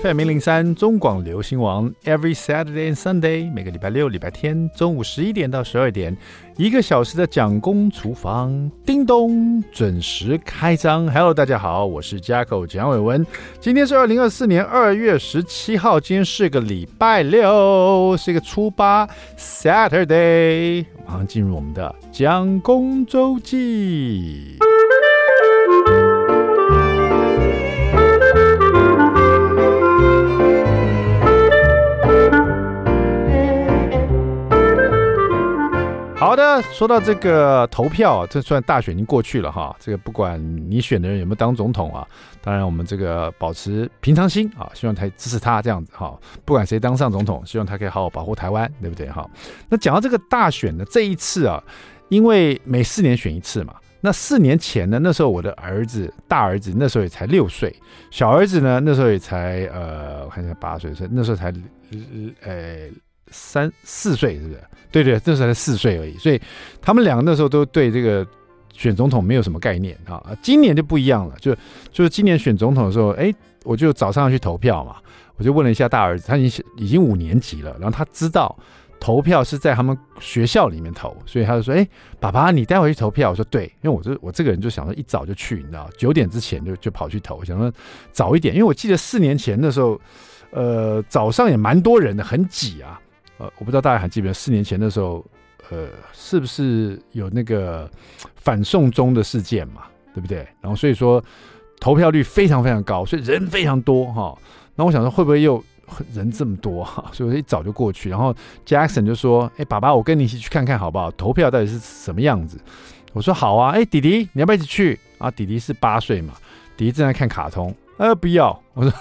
FM 零零三中廣流行網，Every Saturday and Sunday，每個禮拜六禮拜天中午十一點到十二點，一個小時的蔣公廚房，叮咚準時開張。Hello，大家好，我是 Jacob 蔣偉文，今天是二零二四年二月十七號，今天是個禮拜六，是一個初八。Saturday，馬上進入我們的蔣公週記。好的，說到這個投票，這算大選已經過去了哈。這個不管你選的人有沒有當總統啊，當然我們這個保持平常心啊，希望他支持他這樣子哈。不管誰當上總統，希望他可以好好保護台灣，對不對哈？那講到這個大選呢，這一次啊，因為每四年選一次嘛。那四年前呢，那時候我的兒子大兒子那時候也才六歲，小兒子呢那時候也才呃，我看一下八歲，所以那時候才呃三四歲，是不是？對對，那時候才四歲而已，所以他們兩個那時候都對這個選總統沒有什麼概念啊。今年就不一樣了，就就是今年選總統的時候，哎，我就早上要去投票嘛，我就問了一下大兒子，他已經已經五年級了，然後他知道投票是在他們學校裡面投，所以他就說，哎，爸爸，你待會去投票。我說對，因為我就我這個人就想說一早就去，你知道，九點之前就就跑去投，我想說早一點，因為我記得四年前的時候，呃，早上也蠻多人的，很擠啊。呃、我不知道大家還記不記得四年前的時候，呃，是不是有那個反送中的事件嘛，對不對？然後所以說投票率非常非常高，所以人非常多哈。那、哦、我想說會不會又人這麼多哈、啊？所以我一早就過去。然後 Jackson 就說：“哎、欸，爸爸，我跟你一起去看看好不好？投票到底是什麼樣子？”我說：“好啊。欸”哎，弟弟，你要不要一起去啊？弟弟是八歲嘛，弟弟正在看卡通。呃、啊，不要。我說。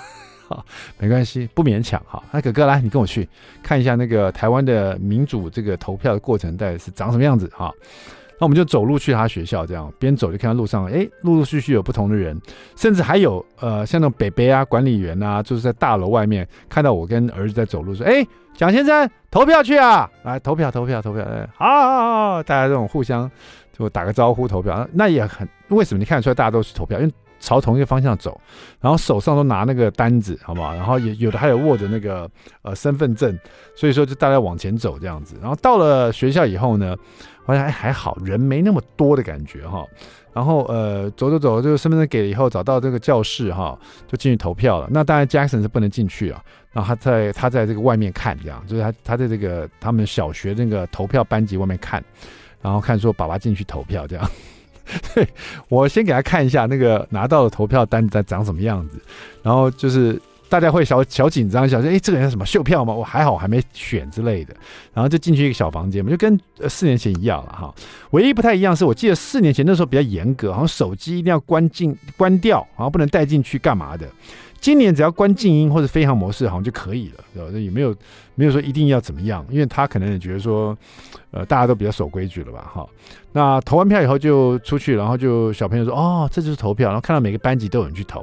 沒關係，不勉強哈。那哥哥來，你跟我去看一下那個台灣的民主這個投票的過程到底是長什麼樣子哈。那我們就走路去他學校，這樣邊走就看到路上，哎，陸陸續續有不同的人，甚至還有呃，像那種北北啊，管理員啊，就是在大樓外面看到我跟兒子在走路，說：“哎，蔣先生投票去啊，來投票，投票，投票。”哎，好，好好，好，大家這種互相就打個招呼投票，那也很為什麼你看得出來大家都是投票，因為。朝同一個方向走，然後手上都拿那個單子，好不好？然後也有的還有握着那個呃身份證，所以說就大家往前走這樣子。然後到了學校以後呢，發現還還好，人沒那麼多的感覺哈、哦。然後呃走走走，就身份證給了以後，找到這個教室哈、哦，就進去投票了。那當然 Jackson 是不能進去啊，然後他在他在這個外面看，這樣就是他他在這個他們小學那個投票班級外面看，然後看說爸爸進去投票這樣。對，我先給他看一下那個拿到的投票單在長什麼樣子，然後就是大家會小小緊張一下，說哎這個人什麼秀票嗎？我還好，我還沒選之類的，然後就進去一個小房間嘛，就跟四年前一樣了哈。唯一不太一樣是我記得四年前那時候比較嚴格，好像手機一定要關進關掉，好像不能帶進去幹嘛的。今年只要關靜音或者飛航模式好像就可以了，對吧？那也沒有沒有說一定要怎麼樣，因為他可能也覺得說，呃，大家都比較守規矩了吧，哈。那投完票以後就出去，然後就小朋友說，哦，這就是投票，然後看到每個班級都有人去投，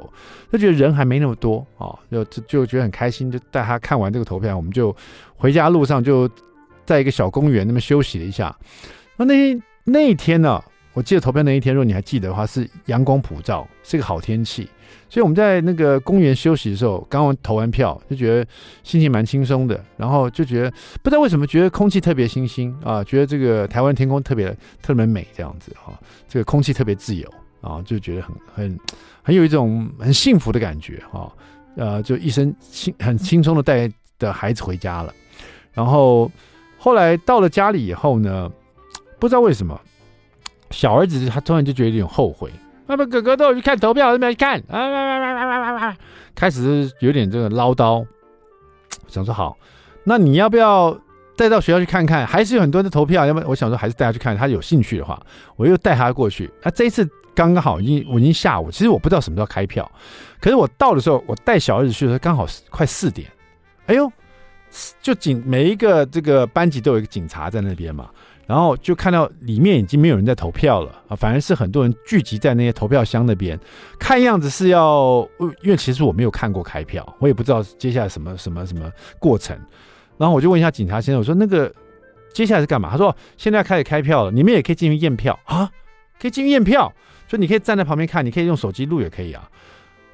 他覺得人還沒那麼多啊，就就覺得很開心，就帶他看完這個投票，我們就回家路上就在一個小公園那邊休息了一下。那那那天呢、啊？我記得投票那一天，如果你還記得的話，是陽光普照，是個好天氣。所以我們在那個公園休息的時候，剛剛投完票，就覺得心情蠻輕鬆的。然後就覺得不知道為什麼，覺得空氣特別清新啊，覺得這個台灣天空特別特別美，這樣子啊，這個空氣特別自由啊，就覺得很很很有一種很幸福的感覺啊。呃，就一身輕很輕鬆的帶的孩子回家了。然後後來到了家裡以後呢，不知道為什麼。小兒子他突然就覺得有點後悔，那麼哥哥都有去看投票，你有去看啊，啊，啊，啊，啊，啊！開始有點這個嘮叨，想說好，那你要不要帶到學校去看看？還是有很多人的投票，要麼我想說還是帶他去看，看，他有興趣的話，我又帶他過去。他、啊、這一次剛剛好已，已我已經下午，其實我不知道什麼時候開票，可是我到的時候，我帶小兒子去的時候，剛好快四點。哎呦，就警每一個這個班級都有一個警察在那邊嘛。然後就看到裡面已經沒有人在投票了啊，反而是很多人聚集在那些投票箱那邊，看樣子是要，因為其實我沒有看過開票，我也不知道接下來什麼什麼什麼過程。然後我就問一下警察先生，我說那個接下來是幹嘛？他說現在開始開票了，你們也可以進去驗票啊，可以進去驗票，所以你可以站在旁邊看，你可以用手機錄也可以啊。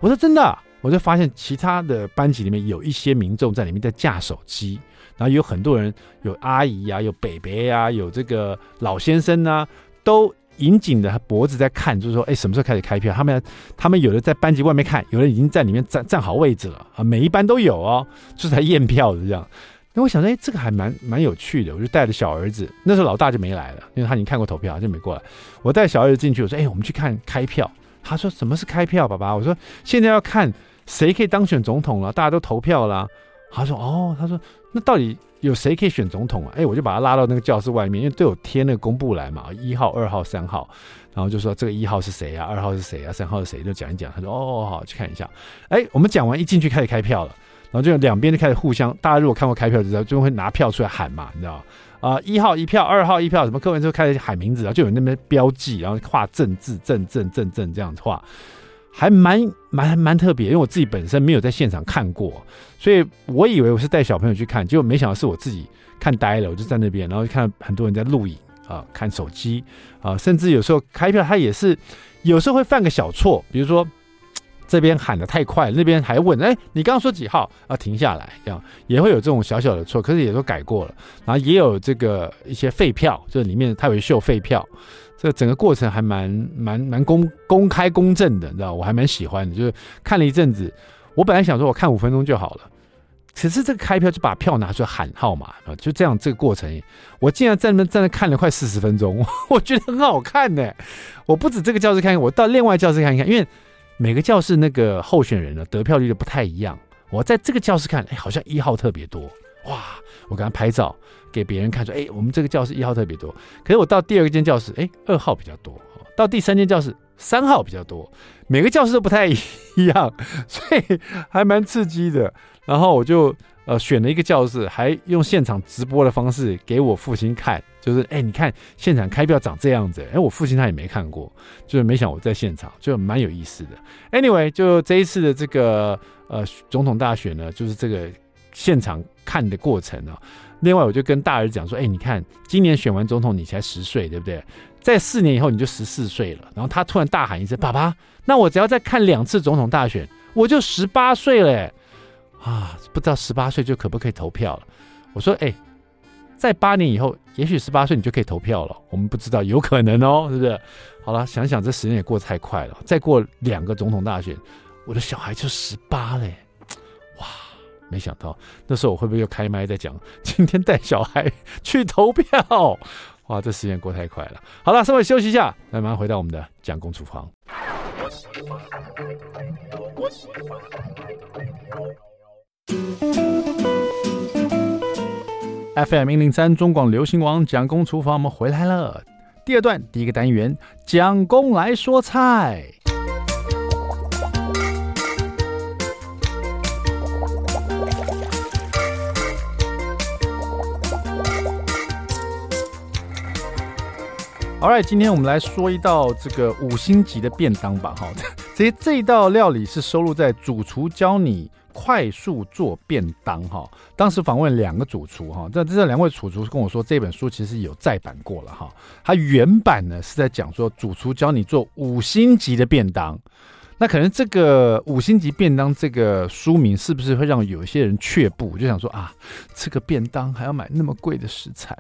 我說真的啊，我就發現其他的班級裡面有一些民眾在裡面在架手機。然後有很多人，有阿姨呀、啊，有北北呀，有這個老先生呢、啊，都引頸的他脖子在看，就是說，哎，什麼時候開始開票？他們他們有的在班級外面看，有的已經在裡面站站好位置了啊，每一班都有哦，就是在驗票的這樣。那我想說，哎，這個還蠻蠻有趣的，我就帶着小兒子，那時候老大就沒來了，因為他已經看過投票，他就沒過來。我帶小兒子進去，我說，哎，我們去看開票。他說，什麼是開票，爸爸？我說，現在要看誰可以當選總統了，大家都投票了。他說，哦，他說，那到底有誰可以選總統啊？哎，我就把他拉到那個教室外面，因為都有貼那個公布欄嘛，一號、二號、三號，然後就說這個一號是誰啊？二號是誰啊？三號是誰？就講一講。他說哦，好、哦、去看一下。哎，我們講完一進去開始開票了，然後就兩邊就開始互相。大家如果看過開票，之後就會拿票出來喊嘛，你知道嗎？啊、呃，一號一票，二號一票，什麼課文之後開始喊名字，然後就有那邊標記，然後畫正字，正正正正這樣子畫。還蠻蠻蠻特別，因為我自己本身沒有在現場看過，所以我以為我是帶小朋友去看，結果沒想到是我自己看呆了，我就在那邊，然後就看到很多人在錄影啊、呃，看手機啊、呃，甚至有時候開票他也是有時候會犯個小錯，比如說這邊喊得太快，那邊還問，哎、欸，你剛剛說幾號啊？停下來，這樣也會有這種小小的錯，可是也都改過了，然後也有這個一些廢票，這裡面他有些廢票。這整個過程還蠻蠻蠻公公開公正的，你知道？我還蠻喜歡的，就是看了一陣子。我本來想說我看五分鐘就好了，其實這個開票就把票拿出來喊號碼，就這樣這個過程，我竟然在那在那看了快四十分鐘，我覺得很好看呢。我不止這個教室看，我到另外教室看一看，因為每個教室那個候選人的得票率就不太一樣。我在這個教室看，哎、欸，好像一號特別多，哇！我給他拍照。給別人看說，哎、欸，我們這個教室一號特別多，可是我到第二間教室，哎、欸，二號比較多；到第三間教室，三號比較多。每個教室都不太一樣，所以還蠻刺激的。然後我就呃選了一個教室，還用現場直播的方式給我父親看，就是哎、欸，你看現場開票長這樣子。哎、欸，我父親他也沒看過，就是沒想我在現場，就蠻有意思的。Anyway，就這一次的這個呃總統大選呢，就是這個現場看的過程呢、啊。另外，我就跟大兒子講說：“哎，你看，今年選完總統，你才十歲，對不對？在四年以後，你就十四歲了。然後他突然大喊一聲：‘爸爸！’那我只要再看兩次總統大選，我就十八歲了。啊，不知道十八歲就可不可以投票了？我說：‘哎，在八年以後，也許十八歲你就可以投票了。’我們不知道，有可能哦，是不是？好了，想想這時間也過得太快了，再過兩個總統大選，我的小孩就十八了。”沒想到那時候我會不會又開麥在講？今天帶小孩去投票，哇，這時間過太快了。好了，稍微休息一下，來馬上回到我們的蔣公廚房。FM 103中廣流行網蔣公廚房，我們回來了。第二段第一個單元，蔣公來說菜。好，今天我們來說一道這個五星級的便當吧。哈，其實這道料理是收錄在《主廚教你快速做便當》哈。當時訪問兩個主廚哈，這這兩位主廚跟我說，這本書其實有再版過了哈。它原版呢是在講說主廚教你做五星級的便當。那可能這個五星級便當這個書名是不是會讓有些人卻步？我就想說啊，吃、這個便當還要買那麼貴的食材，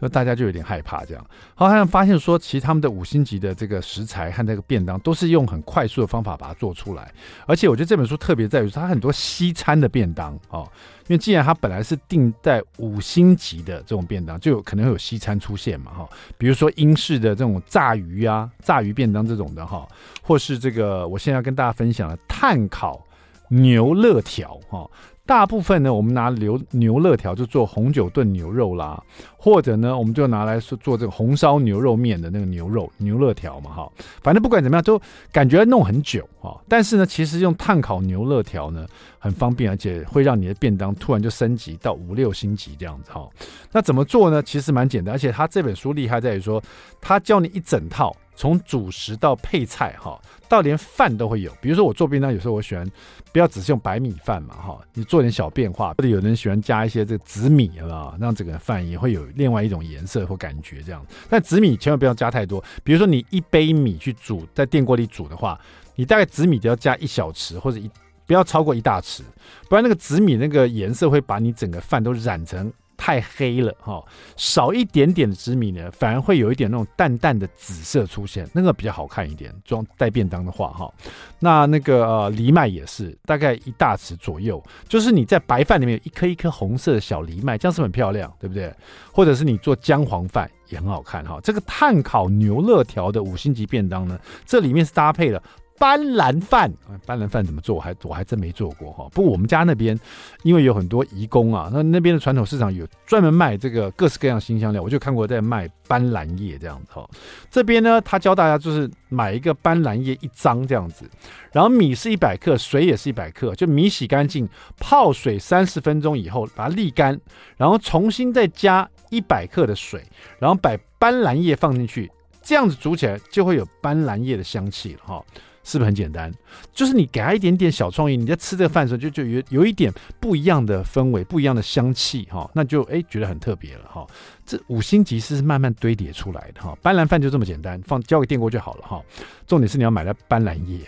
那大家就有點害怕這樣。好，發現說其實他們的五星級的這個食材和這個便當都是用很快速的方法把它做出來，而且我覺得這本書特別在於它很多西餐的便當哦。因為既然它本來是定在五星級的這種便當，就有可能會有西餐出現嘛，哈、哦，比如說英式的這種炸魚啊、炸魚便當這種的，哈、哦，或是這個我現在要跟大家分享的碳烤牛肋條，哈、哦。大部分呢，我們拿牛牛肋條就做紅酒燉牛肉啦，或者呢，我們就拿來做做這個紅燒牛肉麵的那個牛肉牛肋條嘛，哈、哦，反正不管怎麼樣都感覺要弄很久哈、哦。但是呢，其實用炭烤牛肋條呢很方便，而且會讓你的便當突然就升級到五六星級這樣子哈、哦。那怎麼做呢？其實蠻簡單，而且他這本書厲害在於說，他教你一整套，從主食到配菜哈、哦，到連飯都會有。比如說我做便當，有時候我喜歡。不要只是用白米飯嘛，哈，你做點小變化，或者有人喜歡加一些這個紫米，啊，讓整個飯也會有另外一種顏色或感覺這樣。但紫米千萬不要加太多，比如說你一杯米去煮，在電鍋裡煮的話，你大概紫米就要加一小匙或者一，不要超過一大匙，不然那個紫米那個顏色會把你整個飯都染成。太黑了哈、哦，少一點點的紫米呢，反而會有一點那種淡淡的紫色出現，那個比較好看一點。裝帶便當的話哈、哦，那那個呃、藜麥也是大概一大匙左右，就是你在白飯裡面有一顆一顆紅色的小藜麥，這樣是很漂亮，對不對？或者是你做薑黃飯也很好看哈、哦。這個碳烤牛肋條的五星級便當呢，這裡面是搭配了。班蘭飯，班蘭飯怎麼做？我還我還真沒做過哈。不過我們家那邊，因為有很多移工啊，那那邊的傳統市場有專門賣這個各式各樣辛香料，我就看過在賣班蘭葉這樣子哈。這邊呢，他教大家就是買一個班蘭葉一張這樣子，然後米是一百克，水也是一百克，就米洗乾淨泡水三十分鐘以後把它瀝乾，然後重新再加一百克的水，然後把班蘭葉放進去，這樣子煮起來就會有班蘭葉的香氣了哈。是不是很簡單？就是你給他一點點小創意，你在吃這個飯的時候就就有有一點不一樣的氛圍，不一樣的香氣哈、哦，那就誒、欸、覺得很特別了哈、哦。這五星級是，是慢慢堆疊出來的哈，斑斕飯就這麼簡單，放交給電鍋就好了哈、哦。重點是你要買了斑斕葉。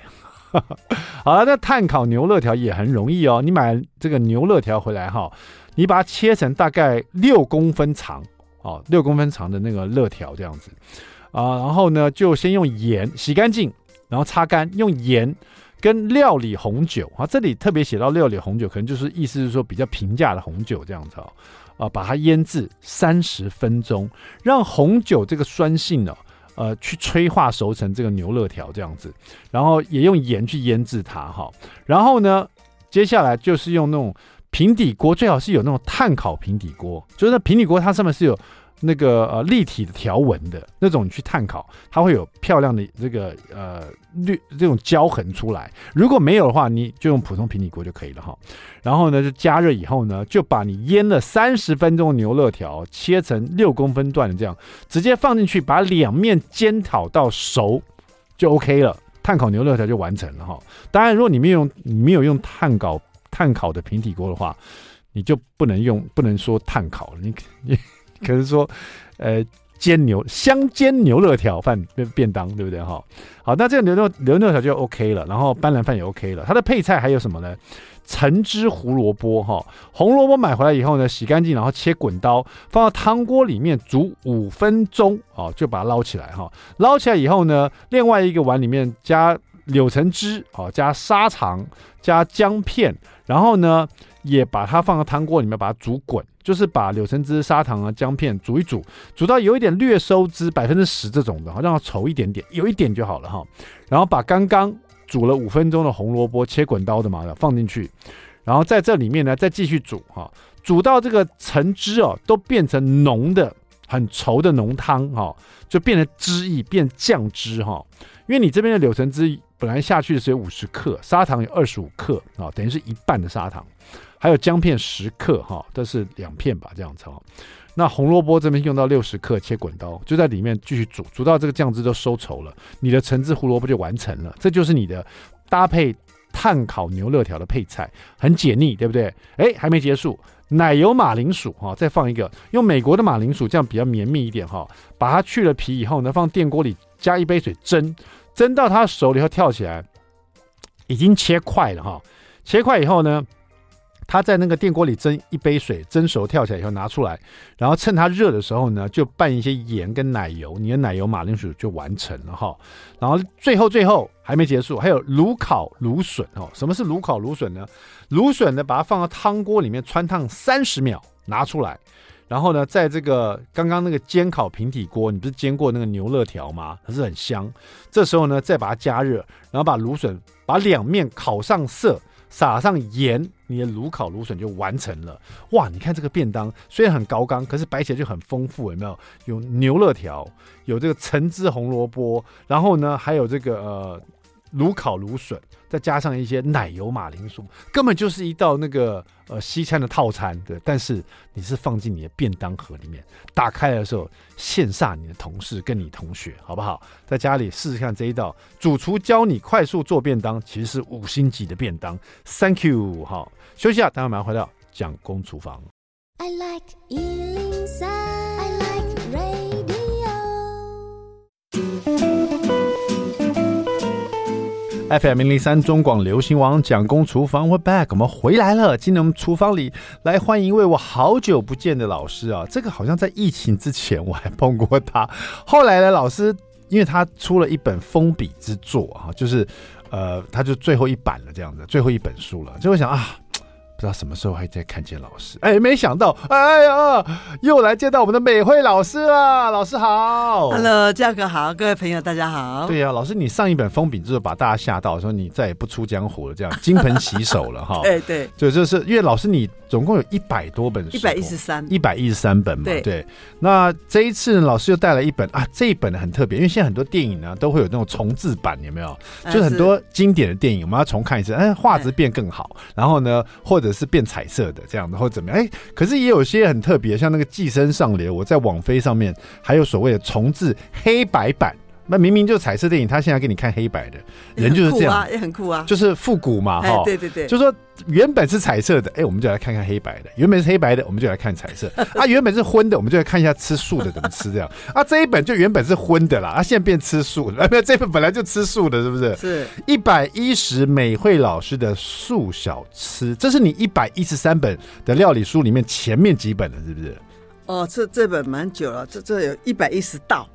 好了，那碳烤牛肋條也很容易哦，你買這個牛肋條回來哈、哦，你把它切成大概六公分長哦，六公分長的那個肋條這樣子啊，然後呢就先用鹽洗乾淨。然後擦乾，用鹽跟料理紅酒啊，這裡特別寫到料理紅酒，可能就是意思是說比較平價的紅酒這樣子哦，啊，把它醃製三十分鐘，讓紅酒這個酸性呢、啊，呃，去催化熟成這個牛肋條這樣子，然後也用鹽去醃製它哈、啊，然後呢，接下來就是用那種平底鍋，最好是有那種碳烤平底鍋，就是那平底鍋它上面是有。那個呃立體的條紋的那種，你去碳烤，它會有漂亮的這個呃綠這種焦痕出來。如果沒有的話，你就用普通平底鍋就可以了哈。然後呢，就加熱以後呢，就把你醃了三十分鐘的牛肋條切成六公分段的這樣，直接放進去，把兩面煎烤到熟就 OK 了。碳烤牛肋條就完成了哈。當然，如果你沒有用沒有用碳烤碳烤的平底鍋的話，你就不能用，不能說碳烤了，你你。可是說，呃，煎牛香煎牛肉條飯便，便當，對不對哈、哦？好，那這個牛肉牛肉條就 OK 了，然後班蘭飯也 OK 了。它的配菜還有什麼呢？橙汁胡蘿蔔哈、哦，紅蘿蔔買回來以後呢，洗乾淨，然後切滾刀，放到湯鍋裡面煮五分鐘，哦，就把它撈起來哈、哦。撈起來以後呢，另外一個碗裡面加柳橙汁，哦，加砂糖，加薑片，然後呢。也把它放到湯鍋裡面，把它煮滾，就是把柳橙汁、砂糖啊、薑片煮一煮，煮到有一點略收汁，百分之十這種的，哈，讓它稠一點點，有一點就好了，哈。然後把剛剛煮了五分鐘的紅蘿蔔切滾刀的嘛的放進去，然後在這裡面呢再繼續煮，哈，煮到這個橙汁哦都變成濃的、很稠的濃湯，哈，就變成汁液變醬汁，哈。因為你這邊的柳橙汁本來下去的時候有五十克，砂糖有二十五克啊，等於是一半的砂糖。還有薑片十克，哈，這是兩片吧，這樣子。那紅蘿蔔這邊用到六十克，切滾刀，就在裡面繼續煮，煮到這個醬汁都收稠了，你的橙汁胡蘿蔔就完成了。這就是你的搭配炭烤牛肋條的配菜，很解膩，對不對？哎，還沒結束，奶油馬鈴薯哈，再放一個，用美國的馬鈴薯，這樣比較綿密一點哈。把它去了皮以後呢，放電鍋裡加一杯水蒸，蒸到它熟了以後跳起來，已經切塊了哈。切塊以後呢？他在那個電鍋裡蒸一杯水，蒸熟跳起來以後拿出來，然後趁它熱的時候呢，就拌一些鹽跟奶油，你的奶油馬鈴薯就完成了哈。然後最後最後還沒結束，還有爐烤蘆筍哦，什麼是爐烤蘆筍呢？蘆筍呢，把它放到湯鍋裡面汆燙三十秒，拿出來，然後呢，在這個剛剛那個煎烤平底鍋，你不是煎過那個牛肋條嗎？它是很香。這時候呢，再把它加熱，然後把蘆筍把兩面烤上色。撒上鹽，你的爐烤蘆筍就完成了。哇，你看這個便當雖然很高綱，可是擺起來就很豐富，有沒有？有牛肋條，有這個橙汁紅蘿蔔，然後呢，還有這個呃。爐烤蘆筍，再加上一些奶油馬鈴薯，根本就是一道那個呃西餐的套餐，對。但是你是放進你的便當盒裡面，打開的時候羨煞你的同事跟你同學，好不好？在家裡試試看這一道，主廚教你快速做便當，其實是五星級的便當。Thank you，好、哦，休息啊，待會馬上回到蔣公廚房。I like FM 一零三中廣流行網蔣公廚房，we're back，我們回來了。今天我們廚房裡來歡迎一位我好久不見的老師啊，這個好像在疫情之前我還碰過他。後來呢，老師因為他出了一本封筆之作啊，就是呃，他就最後一版了這樣子，最後一本書了，就會想啊。不知道什麼時候還在看見老師。哎、欸，沒想到，哎呀，又來見到我們的美慧老師啊。老師好，Hello，Jack 好，各位朋友大家好。對呀、啊，老師你上一本封筆之後把大家嚇到，說你再也不出江湖了，這樣金盆洗手了哈。哎 對，對，就就是因為老師你。總共有一百多本，一百一十三，一百一十三本嘛對。對，那這一次呢，老師又帶來一本啊，這一本很特別，因為現在很多電影呢都會有那種重製版，有沒有？就很多經典的電影，呃、我們要重看一次，哎、欸，畫質變更好，然後呢，或者是變彩色的這樣，的，或者怎麼樣？哎、欸，可是也有些很特別，像那個《寄生上流》，我在網飛上面還有所謂的重製黑白版。那明明就彩色電影，他現在給你看黑白的，人就是這樣，也很酷啊，酷啊就是復古嘛，哈、哎，對對對，就是、說原本是彩色的，哎、欸，我們就來看看黑白的，原本是黑白的，我們就來看彩色，啊，原本是葷的， 我們就來看一下吃素的怎麼吃這樣，啊，這一本就原本是葷的啦，啊，現在變吃素了，這本本來就吃素的，是不是？是一百一十美慧老師的素小吃，這是你一百一十三本的料理書裡面前面幾本了，是不是？哦，這這本蠻久了，這這有一百一十道。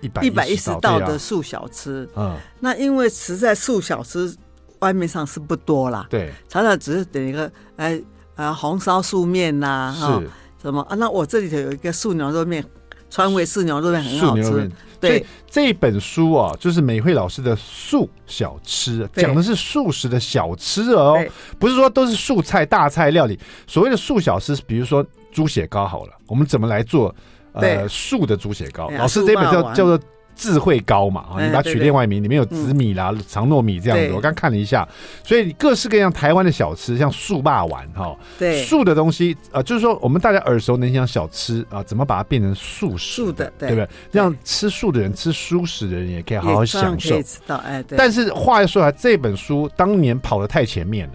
一百一十道的素小吃，啊嗯，那因為實在素小吃外面上是不多啦，對，常常只是點一個哎呃紅燒素麵吶、啊，哈，什麼啊？那我這裡頭有一個素牛肉麵，川味素牛肉麵很好吃。對，這本書啊，哦，就是美慧老師的素小吃，講的是素食的小吃哦，不是說都是素菜大菜料理。所謂的素小吃，比如說豬血糕好了，我們怎麼來做？呃，素的豬血糕，啊、老師這一本叫叫做智慧糕嘛，啊、嗯，你把它取另外一名，哎對對，裡面有紫米啦、嗯、長糯米這樣子，我剛看了一下，所以各式各樣台灣的小吃，像素霸丸哈、哦，對，素的東西啊、呃，就是說我們大家耳熟能詳小吃啊、呃，怎麼把它變成素食，素的對，對不對？讓吃素的人、嗯、吃，素食的人也可以好好享受，哎、但是話又說回來，這本書當年跑得太前面了。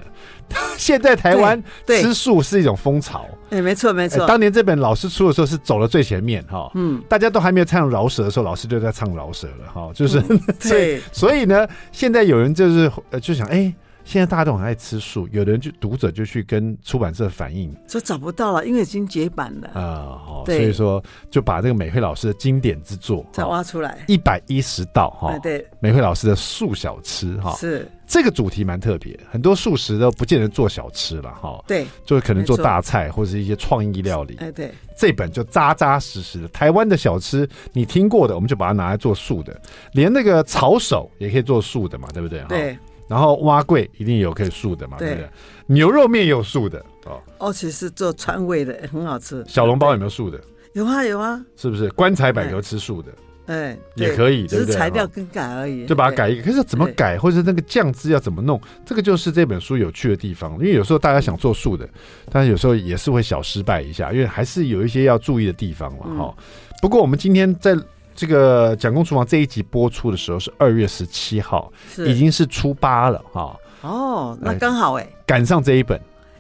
現在台灣吃素是一種風潮，欸、沒錯沒錯、欸。當年這本老師出的時候是走了最前面哈，嗯，大家都還沒有唱饒舌的時候，老師就在唱饒舌了哈，就是，嗯、對呵呵所以，所以呢，現在有人就是、呃、就想哎。欸現在大家都很愛吃素，有人就讀者就去跟出版社反映，說找不到了，因為已經絕版了啊。哦、呃，所以說就把這個美慧老師的經典之作再挖出來，一百一十道哈、嗯。對，美慧老師的素小吃哈，是這個主題蠻特別，很多素食都不見得做小吃了哈。對，就可能做大菜或者一些創意料理。哎，對，這本就扎扎實實的台灣的小吃，你聽過的，我們就把它拿來做素的，連那個炒手也可以做素的嘛，對不對？對。然後碗粿一定有可以素的嘛。對，對不對？牛肉麵有素的哦。哦，其實做川味的很好吃。小籠包有沒有素的？有啊，有啊。是不是棺材板條吃素的？嗯，也可以，對，對，對，只是材料更改而已，就把它改一個。可是怎麼改，或者是那個醬汁要怎麼弄，這個就是這本書有趣的地方。因為有時候大家想做素的，但有時候也是會小失敗一下，因為還是有一些要注意的地方嘛，哈、哦嗯。不過我們今天在。這個蔣公廚房這一集播出的時候是二月十七號，是已經是初八了哈。哦，哦，那剛好哎，趕上這一本，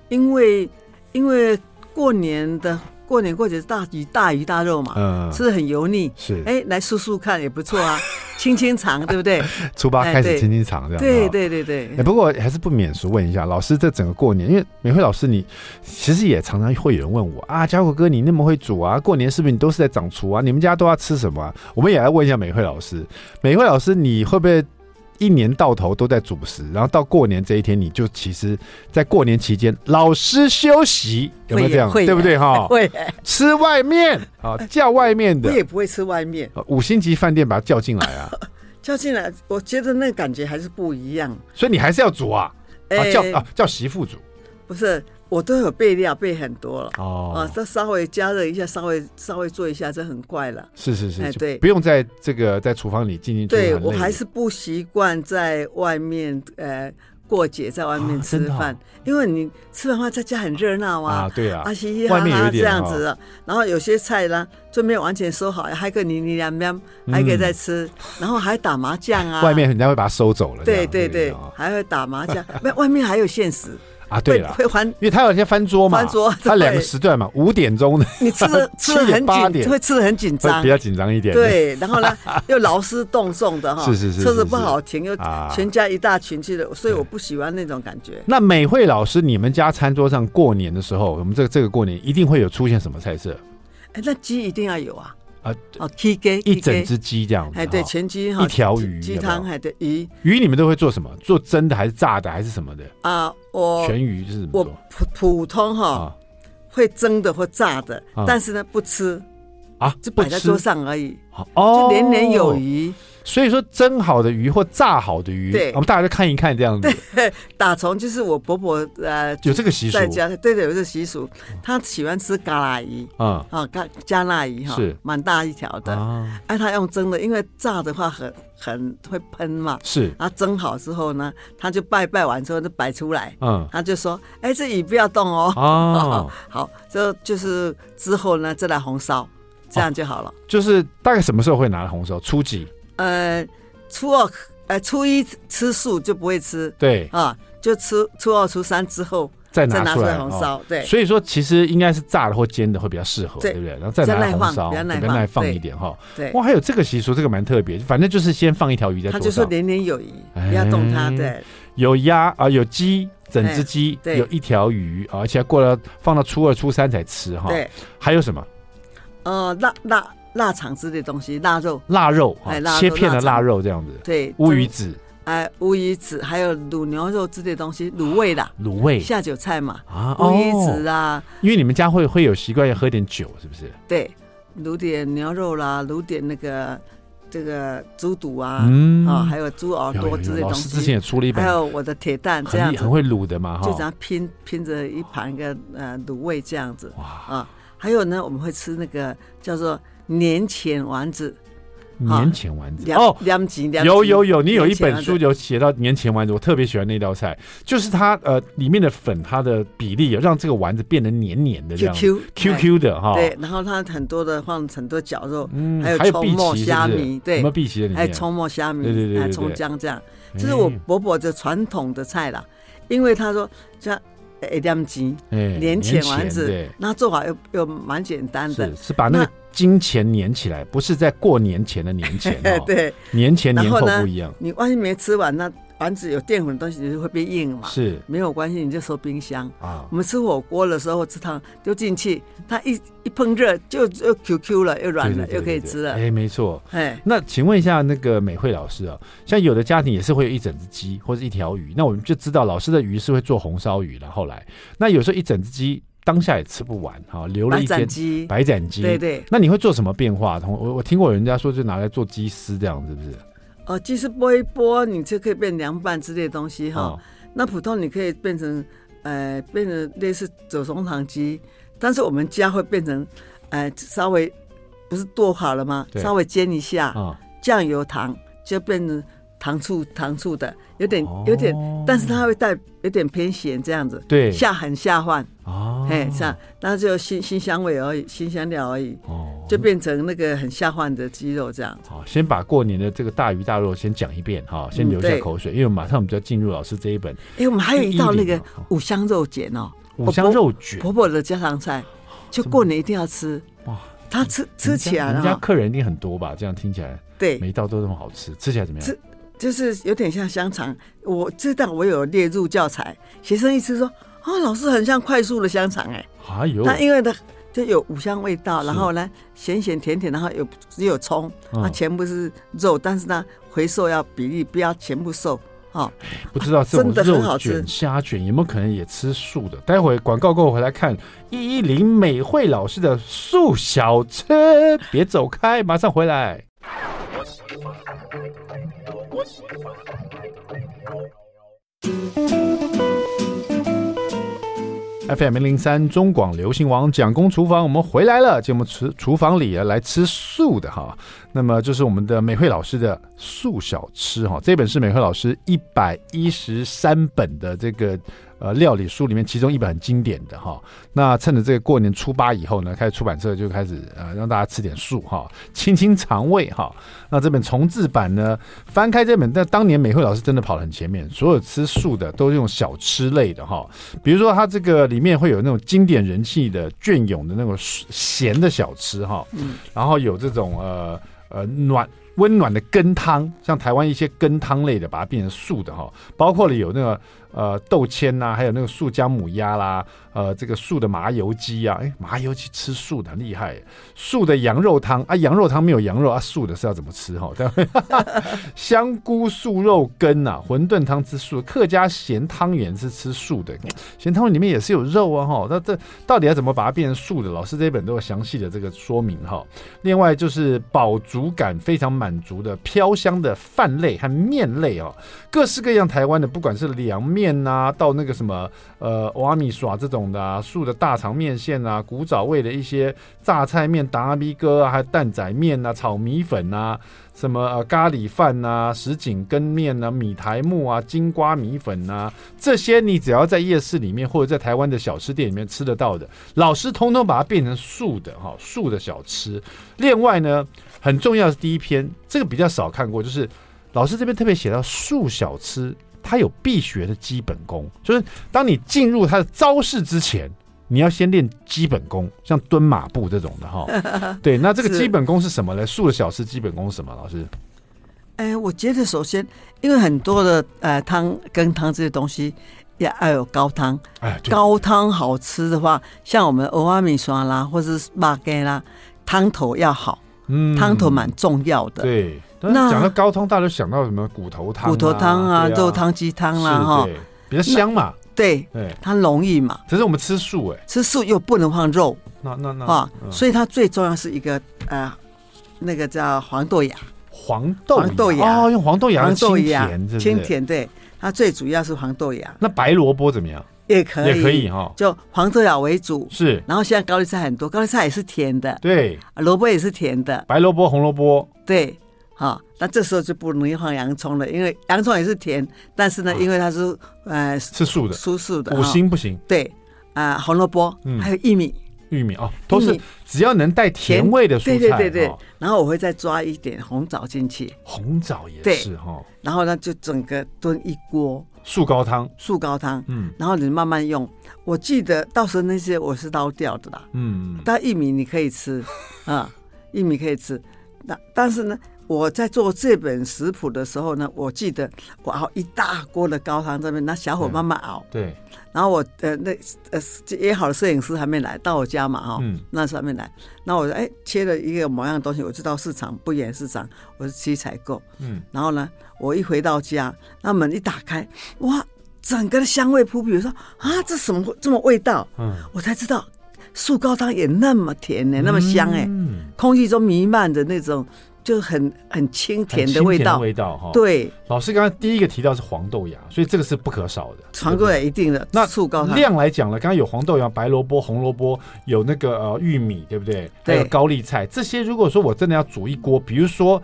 因為因為過年的。過年過節大魚大魚大肉嘛，嗯、吃得很油膩。是，哎、欸，來素素看也不錯啊， 清清腸，對不對？初八開始清清腸，這、哎、樣。對對對對。哎、欸，不過還是不免俗問一下，老師這整個過年，因為美慧老師你其實也常常會有人問我啊，家伙哥你那麼會煮啊，過年是不是你都是在掌廚啊？你們家都要吃什麼？啊？我們也來問一下美慧老師，美慧老師你會不會？一年到頭都在煮食，然後到過年這一天，你就其實，在過年期間老師休息，有沒有這樣？會對不對哈？會、哦、會吃外面啊，叫外面的，你也不會吃外面，五星級飯店把它叫進來啊，啊，叫進來，我覺得那感覺還是不一樣，所以你還是要煮啊，哎、啊叫啊叫媳婦煮，不是。我都有備料，備很多了。哦，再、啊、稍微加熱一下，稍微稍微做一下，這很快了。是是是，哎，對，不用在這個在廚房裡進行。對我還是不習慣在外面，呃，過節在外面吃飯，啊、哦、因為你吃完飯在家很熱鬧啊，啊對啊，嘻嘻哈哈這樣子。然後有些菜呢，就沒有完全收好，還可以你你兩邊還可以再吃，然後還打麻將啊。外面人家會把它收走了對。對對對、哦，還會打麻將，沒有， 外面還有現實。啊，對了，會還。因為他有些翻桌嘛，翻桌，他兩個時段嘛，五點鐘的，你吃的吃的很緊，會吃的很緊張，比較緊張一點。對，然後呢， 又勞師動眾的哈，是是，是是是，車子不好停，又全家一大群去的，啊，所以我不喜歡那種感覺。那美慧老師，你們家餐桌上過年的時候，我們這這個過年一定會有出現什麼菜色？哎，那雞一定要有啊。啊哦，雞雞，一整隻雞這樣子。哎，對，全雞哈，一條魚，雞湯還對，魚魚，你們都會做什麼？做蒸的還是炸的還是什麼的？啊，我全魚是，什麼？我普普通哈、啊、會蒸的或炸的，啊、但是呢不吃啊，就擺在桌上而已，連連哦，就年年有餘。所以說蒸好的魚或炸好的魚，對啊、我們大家看一看這樣子。對，打蟲就是我婆婆呃有這個習俗，在家對對有這個習俗，他、嗯、喜歡吃咖啦魚啊啊咖加納魚哈，是蠻大一條的。哎、啊，他、啊、用蒸的，因為炸的話很很會噴嘛。是啊，蒸好之後呢，他就拜拜完之後就擺出來。嗯，他就說：“哎、欸，這魚不要動哦。啊”哦，好，就就是之後呢再來紅燒，這樣就好了，啊。就是大概什麼時候會拿來紅燒？初幾。呃、嗯，初二，呃，初一吃素就不會吃，對啊，就吃初二、初三之後再拿出來紅燒，對。所以說，其實應該是炸的或煎的會比較適合對，對不對？然後再拿來紅燒，比較耐放一點哈。對，哇，還有這個習俗，這個蠻特別。反正就是先放一條魚在桌上，他就說年年有餘、嗯，不要動它。對，有鴨啊，有雞，整隻雞，有一條魚、啊、而且過了，放到初二、初三才吃哈。對，還有什麼？呃，那那。臘腸之類的東西，臘肉，臘肉，哎，切片的臘，臘肉這樣子。對，烏魚子，哎、呃，烏魚子，還有滷牛肉之類的東西，滷味的，啊、滷味下酒菜嘛、啊哦、烏魚子啊，因為你們家會會有習慣要喝點酒，是不是？對，滷點牛肉啦、啊，滷點那個這個豬肚啊、嗯，啊，還有豬耳朵之類的東西。有有有，老師之前也出了一本，還有我的鐵蛋，這樣子很，很會滷的嘛，哦、就這樣拼拼着一盤一個呃滷味這樣子，哇啊。還有呢，我們會吃那個叫做年前丸子。年前丸子哦，兩斤有有有，你有一本書有寫到年前、年前丸子，我特別喜歡那道菜，就是它呃裡面的粉，它的比例讓這個丸子變得黏黏的這樣，Q Q Q 的哈、哦。對，然後它很多的放很多絞肉、嗯，還有蔥末蝦米，是是，對，什麼碧琪的還有蔥末蝦米，對對對，蔥薑這樣對對對對，這是我伯伯的傳統的菜啦，欸、因為他說這。一點錢，年前丸子。欸、那個、做法，又又蠻簡單的是，是把那個金錢粘起來，不是在過年前的年前， 對，年前年後不一樣，你萬一沒吃完那。丸子有澱粉的東西就會變硬嘛？是沒有關係，你就收冰箱。啊，我們吃火鍋的時候吃湯丟進去，它一一碰熱就又 QQ 了，又軟了，又可以吃了。哎，沒錯。哎，那請問一下那個美慧老師啊、哦，像有的家庭也是會有一整隻雞或者一條魚，那我們就知道老師的魚是會做紅燒魚然後來，那有時候一整隻雞當下也吃不完哈、哦，留了一些白斬雞,雞。對對。那你會做什麼變化？我我聽過人家說，就拿來做雞絲這樣子，是不是？哦，就是剝一剝，你就可以變涼拌之類的東西哈、哦。那普通你可以變成，呃，變成類似左宗棠雞，但是我們家會變成，呃，稍微，不是剁好了嗎？稍微煎一下，醬、哦、油糖就變成。糖醋糖醋的，有點有點、哦，但是它會帶有點偏鹹這樣子，對，下很下飯哦，嘿，這樣、啊，那就新新香味而已，新香料而已，哦，就變成那個很下飯的雞肉這樣子。好、哦，先把過年的這個大魚大肉先講一遍哈，先流下口水，嗯、因為馬上我們就要進入老師這一本。哎，我們還有一道那個五香肉卷哦，五香肉卷，婆，婆婆的家常菜，就過年一定要吃哇，它吃吃起來、哦人，人家客人一定很多吧？這樣聽起來，對，每一道都這麼好吃，吃起來怎麼樣？吃就是有點像香腸，我知道我有列入教材，學生一吃說啊、哦，老師很像快速的香腸哎、欸。哎呦，那因為它就有五香味道，然後呢鹹鹹甜甜，然後有也有蔥、嗯，它全部是肉，但是呢回瘦要比例，不要全部瘦。哦，不知道這種、啊、好吃。蝦卷，蝦卷有沒有可能也吃素的？待會廣告過後回來看一一零美慧老師的素小吃，別走開，馬上回來。 FM 一零三中廣流行網蔣公廚房，我們回來了。節目廚廚房裡來吃素的哈，那麼就是我們的美慧老師的素小吃哈。這本是美慧老師一百一十三本的這個。呃，料理書裡面其中一本很經典的哈，那趁着這個過年初八以後呢，開始出版社就開始呃讓大家吃點素哈，清清腸胃哈。那這本重製版呢，翻開這本，但當年美慧老師真的跑得很前面，所有吃素的都是用小吃類的哈，比如說它這個裡面會有那種經典人氣的雋永的那種鹹的小吃哈，然後有這種呃呃暖溫暖的羹湯，像台灣一些羹湯類的，把它變成素的哈，包括了有那個。呃，豆簽吶、啊，還有那個素薑母鴨啦，呃，這個素的麻油雞啊，哎，麻油雞吃素的很厲害，素的羊肉湯啊，羊肉湯沒有羊肉啊，素的是要怎麼吃哈？哦、 香菇素肉羹吶、啊，餛飩湯吃素，客家鹹湯圓是吃素的，鹹湯圓裡面也是有肉啊哈，那這到底要怎麼把它變成素的？老師這一本都有詳細的這個說明哈、哦。另外就是飽足感非常滿足的飄香的飯類和麵類啊、哦，各式各樣台灣的，不管是涼麵。麵吶、啊，到那個什麼，呃，蚵仔麵線這種的、啊、素的大腸麵線啊，古早味的一些榨菜麵、達阿哥啊，還有擔仔麵啊，炒米粉啊，什麼、呃、咖喱飯啊，什錦羹麵啊，米苔目啊，金瓜米粉啊，這些你只要在夜市裡面或者在台灣的小吃店裡面吃得到的，老師通通把它變成素的哈、哦，素的小吃。另外呢，很重要的是第一篇，這個比較少看過，就是老師這邊特別寫到素小吃。他有必學的基本功，就是當你進入他的招式之前，你要先練基本功，像蹲馬步這種的哈。 對，那這個基本功是什麼呢？素的小吃基本功是什麼？老師？哎，我覺得首先，因為很多的呃湯羹湯這些東西，要要有高湯。哎呀對對對，高湯好吃的話，像我們蚵仔麵線或是肉羹啦，湯頭要好，嗯，湯頭蠻重要的。對。那講到高湯，大家都想到什麼骨頭湯、啊、骨頭湯啊、啊肉湯、雞湯啦、啊，哈，比較香嘛對。對，它容易嘛。可是我們吃素、欸，哎，吃素又不能放肉。那那那啊、嗯，所以它最重要是一個呃，那個叫黃豆芽。黃豆芽黃豆芽哦，用黃豆芽清甜，清甜。對，它最主要是黃豆芽。那白蘿蔔怎麼樣？也可以，也可以哈，就黃豆芽為主。是，然後現在高麗菜很多，高麗菜也是甜的。對，蘿蔔也是甜的，白蘿蔔、紅蘿蔔。對。好、哦、那這時候就不能放洋蔥了，因為洋蔥也是甜，但是呢，因為它是呃，是素的，蔬素的，葷腥不行。對啊、呃，紅蘿蔔、嗯，還有玉米，玉米哦，都是只要能帶甜味的蔬菜。對對對對、哦。然後我會再抓一點紅棗進去，紅棗也是哈。然後呢，就整個燉一鍋素高湯，素高湯、啊。嗯。然後你慢慢用，我記得到時候那些我是倒掉的啦。嗯嗯。但玉米你可以吃啊，嗯、 玉米可以吃。那但是呢？我在做這本食譜的時候呢，我記得我熬一大鍋的高湯，這邊那小火慢慢熬。嗯、對。然後我呃那呃約好的攝影師還沒來到我家嘛哈、哦嗯，那上面來，那我哎、欸、切了一個某樣東西，我就到市場不遠市場，我就去採購。嗯。然後呢，我一回到家，那門一打開，哇，整個的香味撲鼻，我說啊，這什麼這麼味道？嗯。我才知道，素高湯也那麼甜呢、欸，那麼香哎、欸嗯。空氣中彌漫的那種。就很很清甜的味道，清甜的味道哈，對、哦。老師剛剛第一個提到是黃豆芽，所以這個是不可少的。傳過來一定的那素高湯量來講了，剛剛有黃豆芽、白蘿蔔、紅蘿蔔，有那個呃玉米，對不對？對。還有高麗菜這些，如果說我真的要煮一鍋，比如說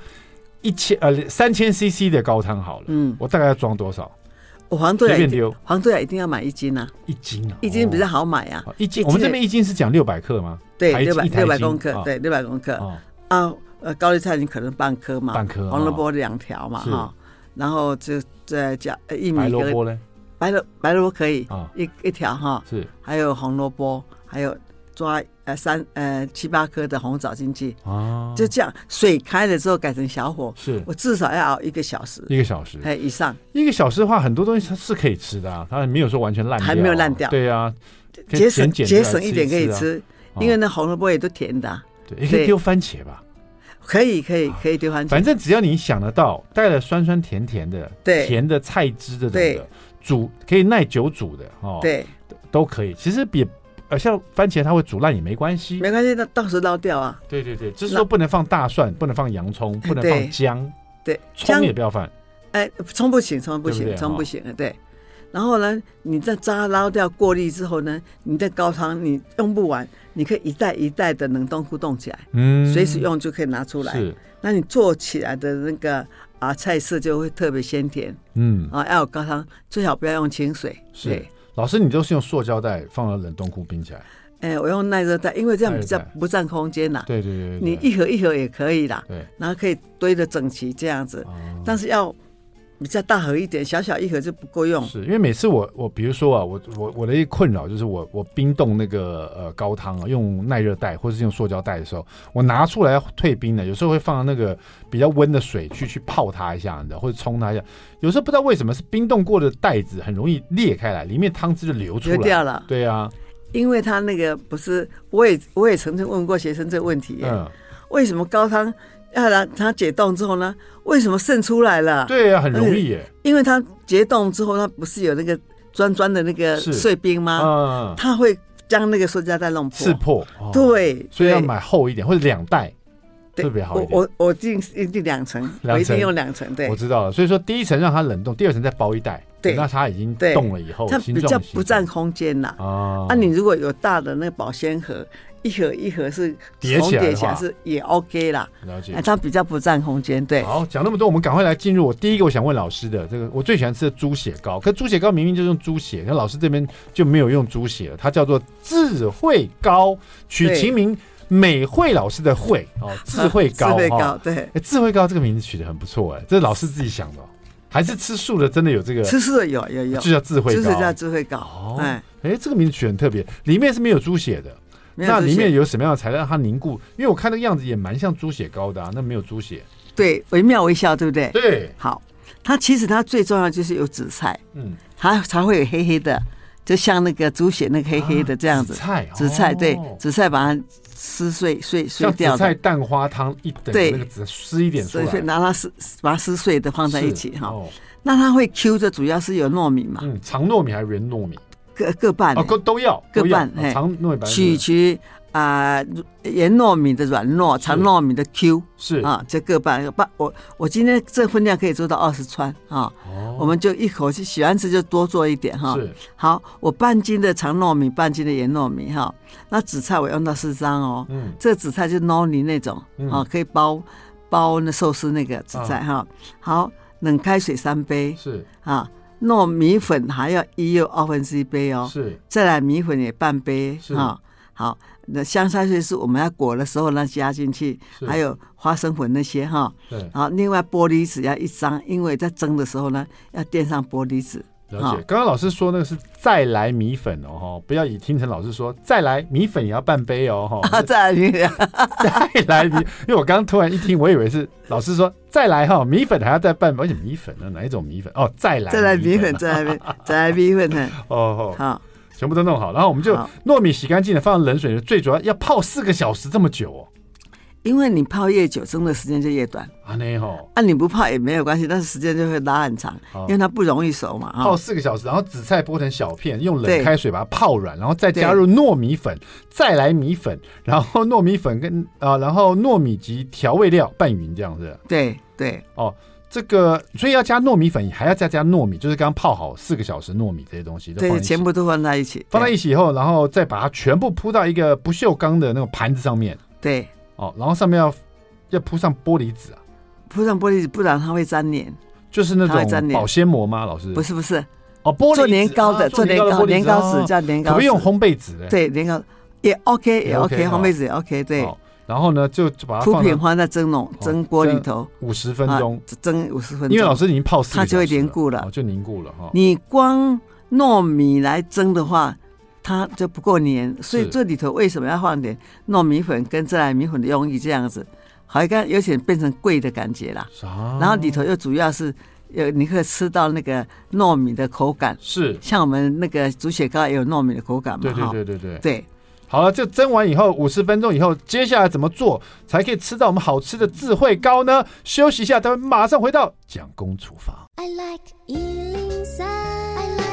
一千呃三千 CC 的高湯好了，嗯，我大概要裝多少？我黃豆芽隨便丟。黃豆芽一定要買一斤啊，一斤啊，一斤，、啊哦、一斤比較好買啊。一斤，一斤我們這邊一斤是講六百克嗎？對，六百六百公克，哦、對，六百公克、哦、啊。呃，高麗菜你可能半顆嘛，半顆紅蘿蔔兩條嘛，哈、哦哦，然後就再加呃，玉米根，白蘿白蘿蔔可以、哦、一一條哈、哦，是，還有紅蘿蔔，還有抓三呃三呃七八顆的紅棗進去，啊，就這樣，水開了之後改成小火，是我至少要熬一個小時，一個小時哎以上，一個小時的話，很多東西它是可以吃的啊，它沒有說完全爛、啊，掉還沒有爛掉，對啊，節省節、啊、省一點可以吃，哦、因為那紅蘿蔔也都甜的、啊，對，也可以丟番茄吧。可以可以可以丟番茄，反正只要你想得到，帶了酸酸甜甜的，對甜的菜汁這種的等等煮，可以耐久煮的哦，對，都可以。其實比呃像番茄，它會煮爛也沒關係，沒關係，那到，到時候撈掉啊。對對對，就是說不能放大蒜，不能放洋蔥，不能放薑，對，對蔥也不要放，哎，蔥不行，蔥不行，對不對蔥不行，不行哦、對。然後呢，你在扎撈掉、過濾之後呢，你的高湯你用不完，你可以一袋一袋的冷凍庫凍起來，嗯，隨時用就可以拿出來。那你做起來的那個啊菜色就會特別鮮甜，嗯，啊，要有高湯最好不要用清水，是對。老師，你都是用塑膠袋放到冷凍庫冰起來？哎、欸，我用耐熱袋，因為這樣比較不占空間吶。對,對對對，你一盒一盒也可以啦。對，然後可以堆得整齊這樣子，嗯、但是要。比較大盒一點，小小一盒就不夠用。是因為每次我我比如說啊，我我我的一困擾就是我我冰凍那個呃高湯啊，用耐熱袋或是用塑膠袋的時候，我拿出來要退冰的，有時候會放那個比較溫的水去去泡它一下，或者沖它一下。有時候不知道為什麼是冰凍過的袋子很容易裂開來，裡面湯汁就流出來了。對啊，因為它那個不是，我也我也曾經問過學生這個問題，嗯，為什麼高湯？要、啊、然它解凍之後呢？為什麼滲出來了？對呀、啊，很容易耶。因為它解凍之後，它不是有那個磚磚的那個碎冰嗎？嗯、它會將那個塑膠袋弄破。刺破、哦，對。所以要買厚一點，或者兩袋，對特別好一點。我我我一定一定兩層，我一定用兩層。對，我知道了。所以說，第一層讓它冷凍，第二層再包一袋。對，那它已經凍了以後，它比較不占空間了啊。那、嗯啊、你如果有大的那個保鮮盒。一盒一盒是疊起來，哈，是也 OK 啦。了解，哎，它比較不占空間。對，好，講那麼多，我們趕快來進入我第一個，我想問老師的這個，我最喜歡吃的豬血糕，可豬血糕明明就是用豬血，那老師這邊就沒有用豬血了，它叫做智慧糕，取其名美慧老師的慧哦，智慧糕、 哦欸，智慧糕，對，智慧糕這個名字取得很不錯，哎，這是老師自己想的，還是吃素的真的有這個？吃素的有有有，有，就叫智慧糕，就叫智慧糕哦。哎，哎，這個名字取得很特別，裡面是沒有豬血的。那裡面有什麼樣的材料讓它凝固？因為我看那個樣子也蠻像豬血糕的啊，那沒有豬血，對，惟妙惟肖，對不對？對，好，它其實它最重要就是有紫菜，嗯，它才會有黑黑的，就像那個豬血那黑黑的這樣子。啊、紫菜，紫菜，紫菜對，哦，紫菜把它撕碎碎碎掉，紫菜蛋花湯一等個那個紫菜對撕一點出來，拿它撕把它撕碎的放在一起哈、哦。那它會 Q 的，主要是有糯米嘛，嗯，長糯米還是圓糯米？各各半、欸哦、各都要各半，嘿、哦，取取啊，鹽、呃、糯米的軟糯，長糯米的 Q，是啊，這各半，半我我今天這分量，可以做到二十串啊、哦，我們就一口氣喜歡吃就多做一點哈、啊，好，我半斤的長糯米，半斤的鹽糯米哈、啊，那紫菜我用到四張哦，嗯、這個、紫菜就 nori 那種，啊，可以包包那壽司那個紫菜哈、啊，好，冷開水三杯，是啊。糯米粉還要一又二分之一杯哦，是，再來米粉也半杯，哈、哦，好，那香菜碎是我們要裹的時候呢，加進去，還有花生粉那些哈、哦，對，然後另外玻璃紙要一張，因為在蒸的時候呢，要墊上玻璃紙。了解，剛剛老師說那個是再來米粉哦，不要以聽成老師說再來米粉也要半杯哦，再來，再來米粉，因為我剛突然一聽，我以為是老師說再來哈，米粉還要再半杯，而且米粉呢哪一種米粉？哦，再來，再來米粉，再來米粉，再來米粉 哦哦，好，全部都弄好，然後我們就糯米洗乾淨了放冷水，最主要要泡四個小時這麼久哦。因為你泡越久，蒸的時間就越短。啊，那啊，你不泡也沒有關係，但是時間就會拉很長，哦，因為它不容易熟嘛。哦、泡四個小時，然後紫菜剝成小片，用冷開水把它泡軟，然後再加入糯米粉，再來米粉，然後糯米粉跟啊、呃，然後糯米及調味料拌勻，這樣子。對對。哦，這個所以要加糯米粉，還要再加糯米，就是剛泡好四個小時糯米這些東西，對，全部都放在一起，放在一起以後，然後再把它全部鋪到一個不鏽鋼的那個盤子上面。對。哦，然後上面要要鋪上玻璃紙啊，鋪上玻璃紙，不然它會粘黏。就是那種保鮮膜嗎，老師？不是不是，哦，玻璃紙做年糕的，啊、做年糕玻璃，年糕紙叫年糕，啊、可不可以用烘焙紙？對、啊，年糕，啊也，OK, 也 OK，也 OK，烘焙紙也 OK，啊。對。然後呢，就把它鋪平，放在蒸籠、啊、蒸鍋裡頭，五十分鐘，啊、蒸五十分鐘。因為老師已經泡，死。它就會凝固了，啊、就凝固了哈、啊。你光糯米來蒸的話。它就不夠黏，所以這裡頭為什麼要放點糯米粉跟在來米粉的用意這樣子，好像有點變成貴的感覺啦。然後裡頭又主要是有你可以吃到那個糯米的口感，是像我們那個煮雪糕也有糯米的口感嘛。對對對對對，對，對。好了，這蒸完以後五十分鐘以後，接下來怎麼做才可以吃到我們好吃的智慧糕呢？休息一下，待會馬上回到蔣公廚房。I like inside。Like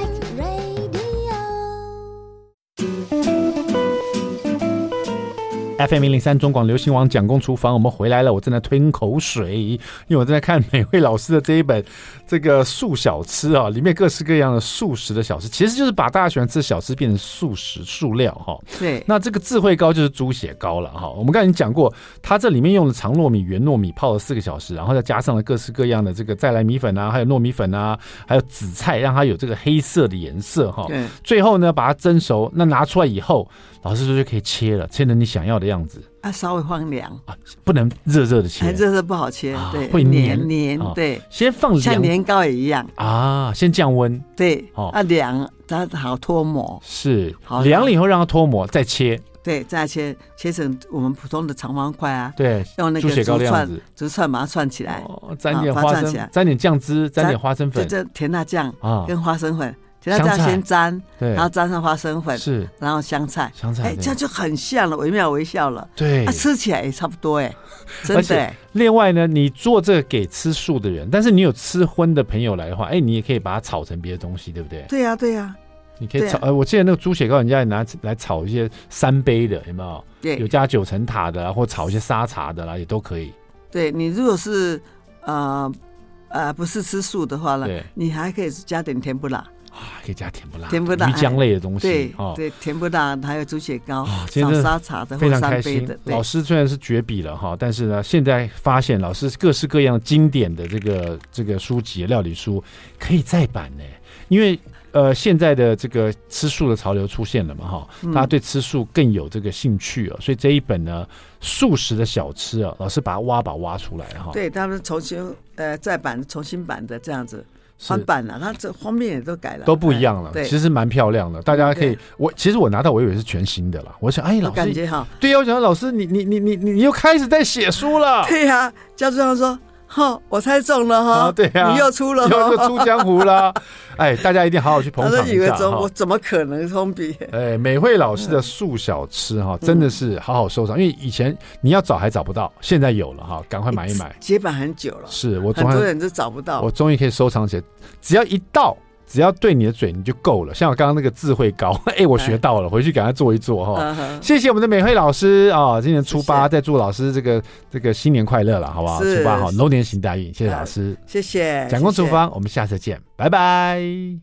FM 零零三中廣流行網，蔣公廚房，我們回來了。我正在吞口水，因為我正在看美慧老師的這一本。這個素小吃啊，裡面各式各樣的素食的小吃，其實就是把大家喜歡吃的小吃變成素食素料哈。對，那這個智慧糕就是豬血糕了哈。我們剛才已經講過，它這裡面用的長糯米、圓糯米泡了四個小時，然後再加上了各式各樣的這個再來米粉啊，還有糯米粉啊，還有紫菜，讓它有這個黑色的顏色哈。對，最後呢把它蒸熟，那拿出來以後，老師說就可以切了，切成你想要的樣子。它、啊、稍微放涼啊，不能熱熱的切，還熱熱不好切、啊，對，會黏黏，黏、哦。對，先放涼。像年糕也一樣啊，先降溫。對，哦、啊，涼它好脫模，是，好，涼了以後讓它脫模再切，對，再切切成我們普通的長方塊啊，對，用那個竹串，竹串把它串起來，哦。沾點花生，哦、沾點醬汁，沾點花生粉，就這甜辣醬啊，跟花生粉。哦香菜這樣先沾對，然後沾上花生粉，是，然後香菜，香菜，哎、欸，這樣就很像了，惟妙惟肖了。對，它、啊、吃起來也差不多哎、欸。真的、欸。另外呢，你做這個給吃素的人，但是你有吃葷的朋友來的話，哎、欸，你也可以把它炒成別的東西，對不對？對呀、啊，對呀、啊。你可以炒，啊欸、我記得那個豬血糕，人家也拿來炒一些三杯的，有沒有？對，有加九層塔的，然後炒一些沙茶的啦，也都可以。對，你如果是呃呃不是吃素的話呢對，你還可以加點甜不辣。哇，可以加甜不辣、甜不辣魚漿類的東西，哎、對、哦、對，甜不辣還有豬血糕、沙、哦、茶的，非常開心。對，老師雖然是絕版了哈，但是呢，現在發現老師各式各樣經典的這個這個書籍、料理書可以再版呢，因為呃現在的這個吃素的潮流出現了嘛哈，大家對吃素更有這個興趣了、哦嗯，所以這一本呢素食的小吃啊、哦，老師把它挖把挖出來哈、哦，對他們重新呃再版、重新版的這樣子。翻版了，他這封面也都改了，都不一樣了。對、哎，其實蠻漂亮的，大家可以。Okay. 我其實我拿到我以為是全新的了，我想，哎，老師，感覺哈，對呀、啊，我想說老師，你你你你你又開始在寫書了。對呀、啊，蔣組長說。哼、哦，我猜中了哈、哦啊，你又出了，又出江湖了！ 哎，大家一定好好去捧場一下。我怎麼可能封筆？哎，美慧老師的素小吃哈、嗯，真的是好好收藏，因為以前你要找還找不到，現在有了哈，趕快買一買。絕版很久了，是，我總很多人就找不到，我終於可以收藏起來，只要一到。只要對你的嘴，你就夠了。像我剛剛那個智慧高，哎、欸，我學到了，欸、回去趕快做一做哈、嗯哦。謝謝我們的美慧老師啊、哦，今年初八再祝老師這個謝謝這個新年快樂了，好不好？初八好，龍年行大運，謝謝老師，嗯、謝謝。蔣公廚房謝謝，我們下次見，拜拜。